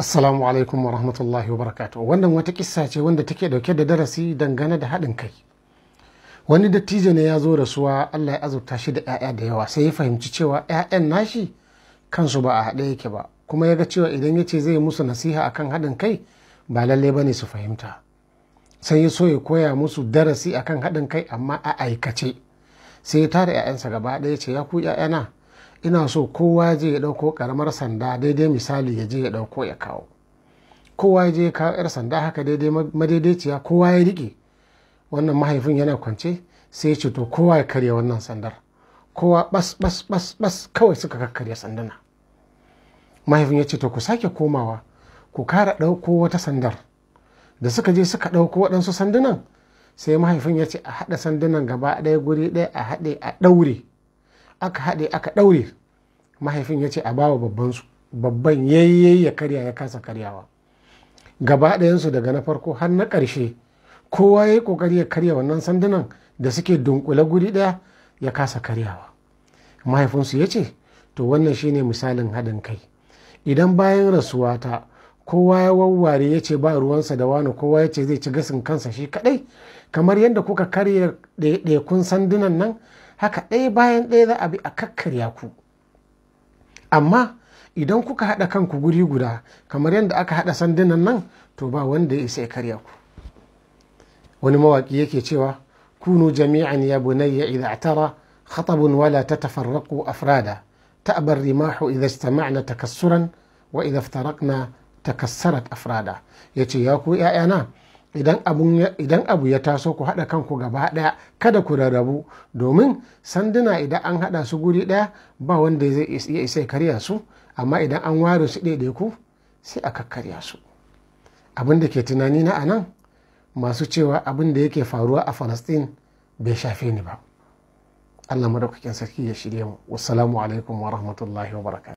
Assalamu alaikum wa rahmatullahi wa barakatuh. Wannan wata kissa ce wanda take dauke da darasi dangane da haɗin kai. Wani dattijo ne ya zo da suwa Allah ya azurta shi da 'ya'ya da yawa sai ya fahimci cewa 'ya'yan nashi kansu ba a haɗe yake ba kuma ya ga cewa idan ya ce zai musu nasiha akan haɗin kai ba lalle ba ne su fahimta. Sai ya so ya koya musu darasi akan haɗin kai amma a aikace. Sai ya tara 'ya'yansa gaba ɗaya ce ya ku 'ya'yana ina so kowa je ya dauko karamar sanda daidai misali ya je ya dauko ya kawo kowa ya je ya kawo 'yar sanda haka daidai madaidaiciya kowa ya riƙe wannan mahaifin yana kwance sai ya ce to kowa ya karya wannan sandar kowa bas bas bas bas kawai suka karya sandana mahaifin ya ce to ku sake komawa ku kara dauko wata sandar da suka je suka dauko waɗansu sandunan sai mahaifin ya ce a haɗa sandunan gaba ɗaya guri ɗaya a haɗe a ɗaure aka haɗe aka ɗaure mahaifin ya ce a bawa babbansu babban yayyayi ya karya ya kasa karyawa gaba ɗayansu daga na farko har na ƙarshe kowa ya yi ƙoƙari ya karya wannan sandunan da suke dunkule guri ɗaya ya kasa karyawa mahaifinsu ya ce to wannan shine misalin haɗin kai idan bayan rasuwa ta kowa ya wawware ya ce ba ruwansa da wani kowa ya ce zai ci gasin kansa shi kaɗai kamar yadda kuka karya ɗaiɗaikun sandunan nan haka ɗaya bayan ɗaya za a bi a kakkarya ku amma idan kuka haɗa kanku guri guda kamar yadda aka haɗa sandunan nan to ba wanda ya isa ya karya ku wani mawaƙi yake cewa kunu jami'an ya bunayya idza tara khatabun wala tatafarraqu afrada ta'bar rimahu idza istama'na takassuran wa idza iftaraqna takassarat afrada yace ya ku 'ya'yana idan abu ya taso ku haɗa kanku gaba ɗaya kada ku rarrabu domin sanduna idan an haɗa su guri ɗaya ba wanda zai iya isa karya su amma idan an ware su ku sai a kakkarya su abin da ke tunani na anan masu cewa abin da yake faruwa a falastin bai shafe ni ba allah madaukakin sarki ya shirya mu wassalamu alaikum wa rahmatullahi wa barakatuh